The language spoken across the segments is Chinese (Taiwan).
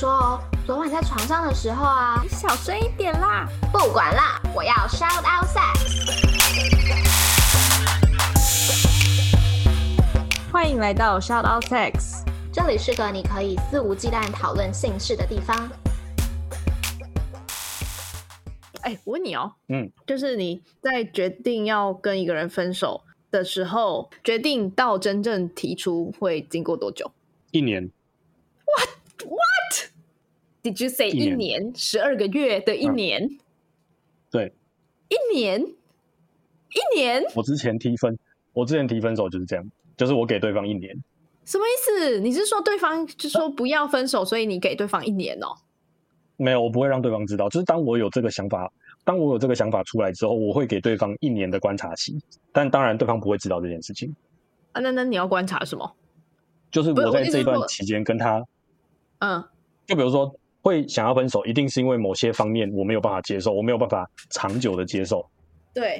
說、哦，昨晚在床上的時候啊，你小聲一點啦。不管啦，我要 shout out sex。歡迎來到 shout out sex，這裡是個你可以肆無忌憚討，討論性事的地方。哎，我問你哦，嗯，就是你在決定要跟一個人分手的時候，決定到真正提出會經過多久？一年。哇哇！Did you say 一年十二個月的一年？嗯、對，一年，一年。我之前提分，我之前提分手就是這樣，就是我給對方一年。什麼意思？你是說對方就是、說不要分手，啊、所以你給對方一年哦、喔？沒有，我不會讓對方知道。就是當我有這個想法，當我有這個想法出來之後，我會給對方一年的觀察期。但當然，對方不會知道這件事情。啊，那那你要觀察什麼？就是我在這段期間跟他，嗯，就比如說。會想要分手，一定是因為某些方面我沒有辦法接受，我沒有辦法長久的接受。對，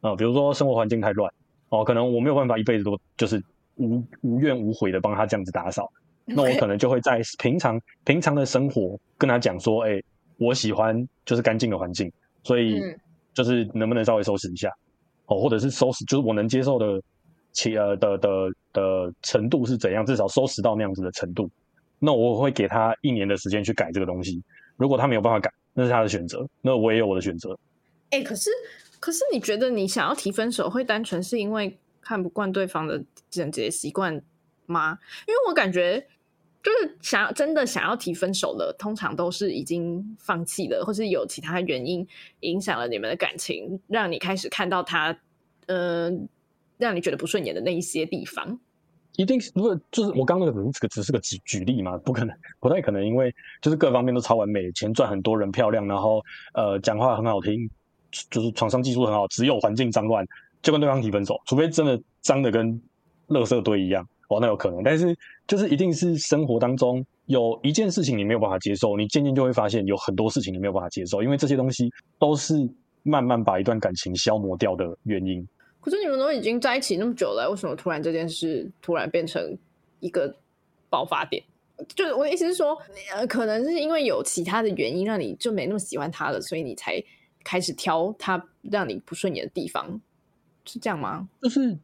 啊、呃，比如說生活環境太亂哦，可能我沒有辦法一輩子都就是無無怨無悔的幫他這樣子打掃，對那我可能就會在平常平常的生活跟他講說，哎，我喜歡就是乾淨的環境，所以就是能不能稍微收拾一下哦，或者是收拾就是我能接受的其呃的的的程度是怎樣，至少收拾到那樣子的程度。那我會給他一年的時間去改這個東西。如果他沒有辦法改，那是他的選擇。那我也有我的選擇。哎、欸，可是，可是，你覺得你想要提分手，會單純是因為看不慣對方的整潔習慣嗎？因為我感覺，就是想要真的想要提分手的，通常都是已經放棄了，或是有其他原因影響了你們的感情，讓你開始看到他，呃，讓你覺得不順眼的那一些地方。一定是，如果就是我剛剛那個只只只是個舉舉例嘛，不可能，不太可能，因為就是各方面都超完美，錢賺很多，人漂亮，然後呃講話很好聽，就是床上技術很好，只有環境髒亂就跟對方提分手，除非真的髒的跟垃圾堆一樣，哦，那有可能，但是就是一定是生活當中有一件事情你沒有辦法接受，你漸漸就會發現有很多事情你沒有辦法接受，因為這些東西都是慢慢把一段感情消磨掉的原因。可是你們都已經在一起那麼久了，為什麼突然這件事突然變成一個爆發點？就是我的意思是說，呃，可能是因為有其他的原因讓你就沒那麼喜歡他了，所以你才開始挑他讓你不順眼的地方，是這樣嗎？就是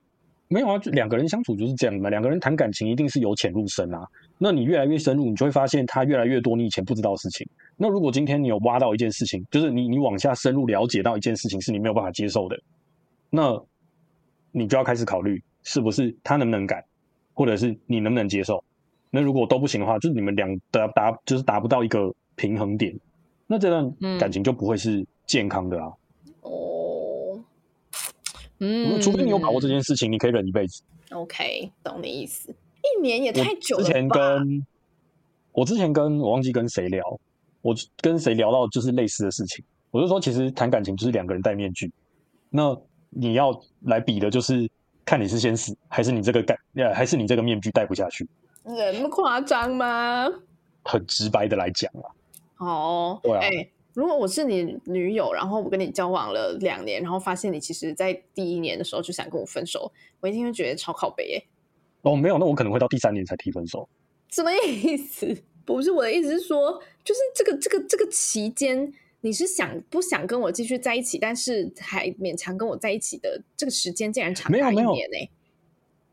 沒有啊，就兩個人相處就是這樣嘛。兩個人談感情一定是由淺入深啊。那你越來越深入，你就會發現他越來越多你以前不知道的事情。那如果今天你有挖到一件事情，就是你你往下深入了解到一件事情是你沒有辦法接受的，那。你就要開始考慮，是不是他能不能改，或者是你能不能接受？那如果都不行的話，就是你們兩達達，就是達不到一個平衡點，那這段感情就不會是健康的啊。嗯、哦，嗯，除非你有把握這件事情，你可以忍一輩子。OK，懂你意思。一年也太久了吧？我之前跟、我之前跟、我忘記跟誰聊，我跟誰聊到就是類似的事情。我就說，其實談感情就是兩個人戴面具。那你要來比的就是看你是先死，還是你這個還是你這個面具戴不下去？人那麼誇張嗎？很直白的來講、哦、啊。哦、欸，啊如果我是你女友，然後我跟你交往了兩年，然後發現你其實，在第一年的時候就想跟我分手，我一定會覺得超靠北哎、欸。哦，沒有，那我可能會到第三年才提分手。什麼意思？不是我的意思是說，就是這個這個這個期間。你是想不想跟我繼續在一起？但是還勉強跟我在一起的這個時間竟然長達一年。欸、沒有，沒有。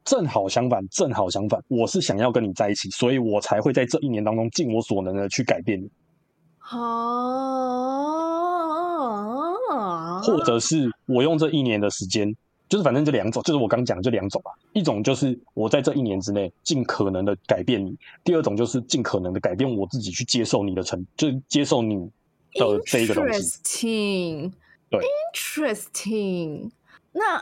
正好相反，正好相反，我是想要跟你在一起，所以我才會在這一年當中盡我所能的去改變你。好。 或者是我用這一年的時間，就是反正這兩種，就是我剛講的這兩種啊。一種就是我在這一年之內盡可能的改變你，第二種就是盡可能的改變我自己，去接受你的成，就是、接受你。Interesting，對，Interesting。那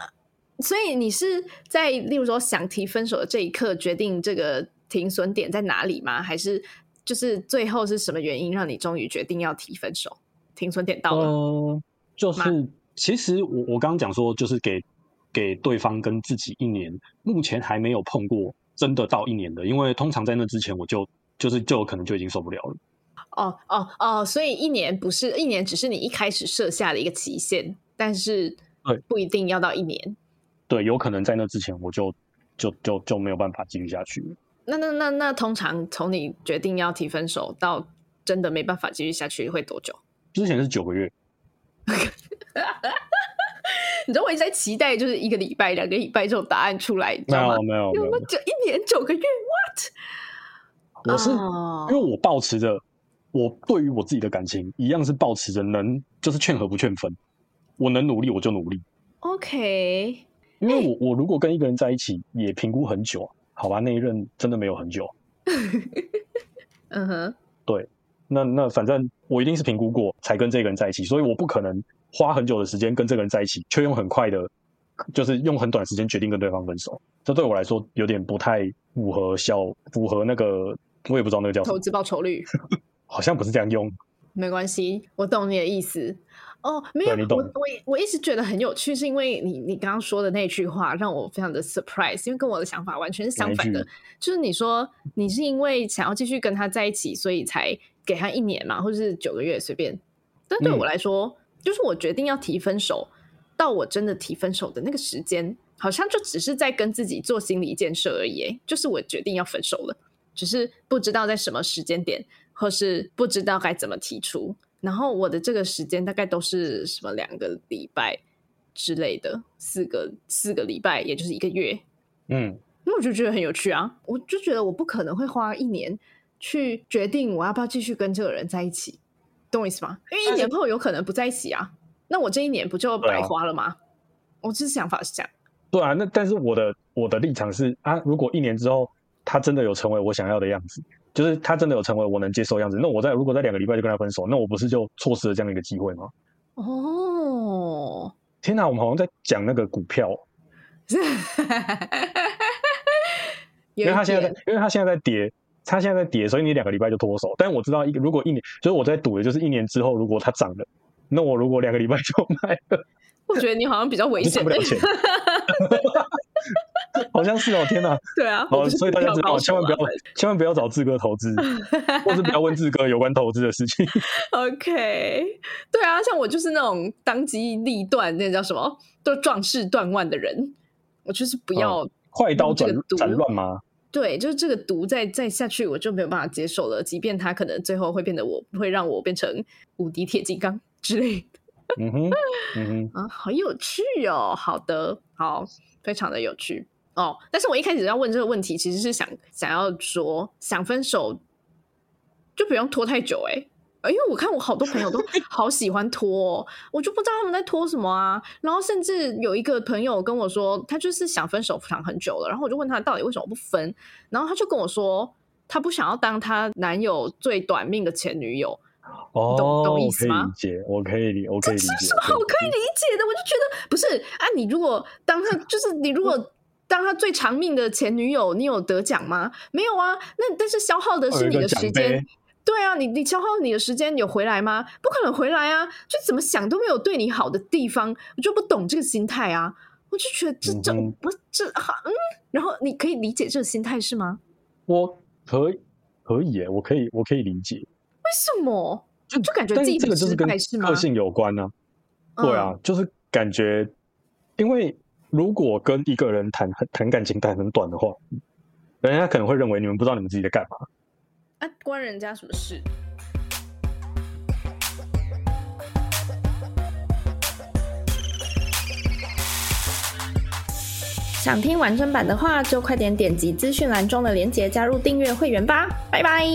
所以你是在例如說想提分手的這一刻決定這個停損點在哪裡嗎？還是就是最後是什麼原因讓你終於決定要提分手？停損點到了嗎？嗯，就是其實我我剛剛講說，就是給給對方跟自己一年，目前還沒有碰過真的到一年的，因為通常在那之前我就就是就可能就已經受不了了。哦哦哦，oh, oh, oh, 所以一年不是，一年只是你一開始設下的一個期限，但是不一定要到一年。對，有可能在那之前我就就就就沒有辦法繼續下去。那那那那，通常從你決定要提分手到真的沒辦法繼續下去，會多久？之前是九個月。 你知道我一直在期待，就是一個禮拜、兩個禮拜這種答案出來。沒有沒有沒有，有沒有，就一年九個月？What？我是、oh. 因為我抱持著。我對於我自己的感情一樣是抱持著能，就是勸和不勸分。我能努力我就努力。OK，因為我、欸、我如果跟一個人在一起也評估很久，好吧，那一任真的沒有很久。 嗯哼，對，那那反正我一定是評估過才跟這個人在一起，所以我不可能花很久的時間跟這個人在一起，卻用很快的，就是用很短的時間決定跟對方分手。這對我來說有點不太符合效，符合那個我也不知道那個叫什麼，投資報酬率。 好像不是這樣用，沒關係，我懂你的意思。哦、oh，沒有，我，我我一直覺得很有趣，是因為你你剛剛說的那句話讓我非常的 surprise，因為跟我的想法完全是相反的。就是你說你是因為想要繼續跟他在一起，所以才給他一年嘛，或是九個月隨便。但對我來說，嗯，就是我決定要提分手，到我真的提分手的那個時間，好像就只是在跟自己做心理建設而已。就是我決定要分手了，只是不知道在什麼時間點。或是不知道該怎麼提出，然後我的這個時間大概都是什麼兩個禮拜之類的，四個四個禮拜，也就是一個月。嗯，那我就覺得很有趣啊，我就覺得我不可能會花一年去決定我要不要繼續跟這個人在一起，懂我意思嗎？因為一年後有可能不在一起啊，是那我這一年不就白花了嗎？啊、我這想法是這樣。對啊，那但是我的我的立場是啊，如果一年之後他真的有成為我想要的樣子。就是他真的有成為我能接受的樣子，那我在如果在兩個禮拜就跟他分手，那我不是就錯失了這樣一個機會嗎？哦，oh. 天哪，我們好像在講那個股票， 有點。因為他現在在，因為他現在在跌，他現在在跌，所以你兩個禮拜就脫手。但我知道一個，如果一年，就是我在賭的就是一年之後，如果它漲了，那我如果兩個禮拜就賣了，我覺得你好像比較危險。 好像是哦，天吶！對啊，哦，不所以大家知道，千萬不要，千萬不要找志哥投資， 或是不要問志哥有關投資的事情。 OK，對啊，像我就是那種當機立斷，那個、叫什麼，都壯士斷腕的人。我就是不要快、哦、刀斬斬亂麻。對，就是這個毒再再下去，我就沒有辦法接受了。即便他可能最後會變得我，我不會讓我變成無敵鐵金剛之類的。 嗯哼，嗯哼，啊，好有趣哦！好的，好，非常的有趣。哦，但是我一開始要問這個問題，其實是想想要說，想分手就不用拖太久，欸，哎，因為我看我好多朋友都好喜歡拖，哦， 我就不知道他們在拖什麼啊。然後甚至有一個朋友跟我說，他就是想分手拖很久了，然後我就問他到底為什麼不分，然後他就跟我說，他不想要當他男友最短命的前女友。哦，你懂，懂意思嗎？我可以理解，我可以理我可以理解是什麼好，我可以理解的，我，可以理解我就覺得不是啊，你如果當他 就是你如果。當他最長命的前女友，你有得獎嗎？沒有啊。那但是消耗的是你的時間，對啊。你你消耗你的時間你有回來嗎？不可能回來啊。就怎麼想都沒有對你好的地方，我就不懂這個心態啊。我就覺得這、嗯、哼這不這好嗯。然後你可以理解這個心態是嗎？我可以可以，耶我可以，我可以我可以理解。為什麼？就，就感覺自己這個就是跟個性有關呢、啊？嗯、對啊，就是感覺因為。如果跟一個人談談感情談很短的話，人家可能會認為你們不知道你們自己在幹嘛。哎、啊，關人家什麼事？想聽完整版的話，就快點點擊資訊欄中的鏈接加入訂閱會員吧。拜拜。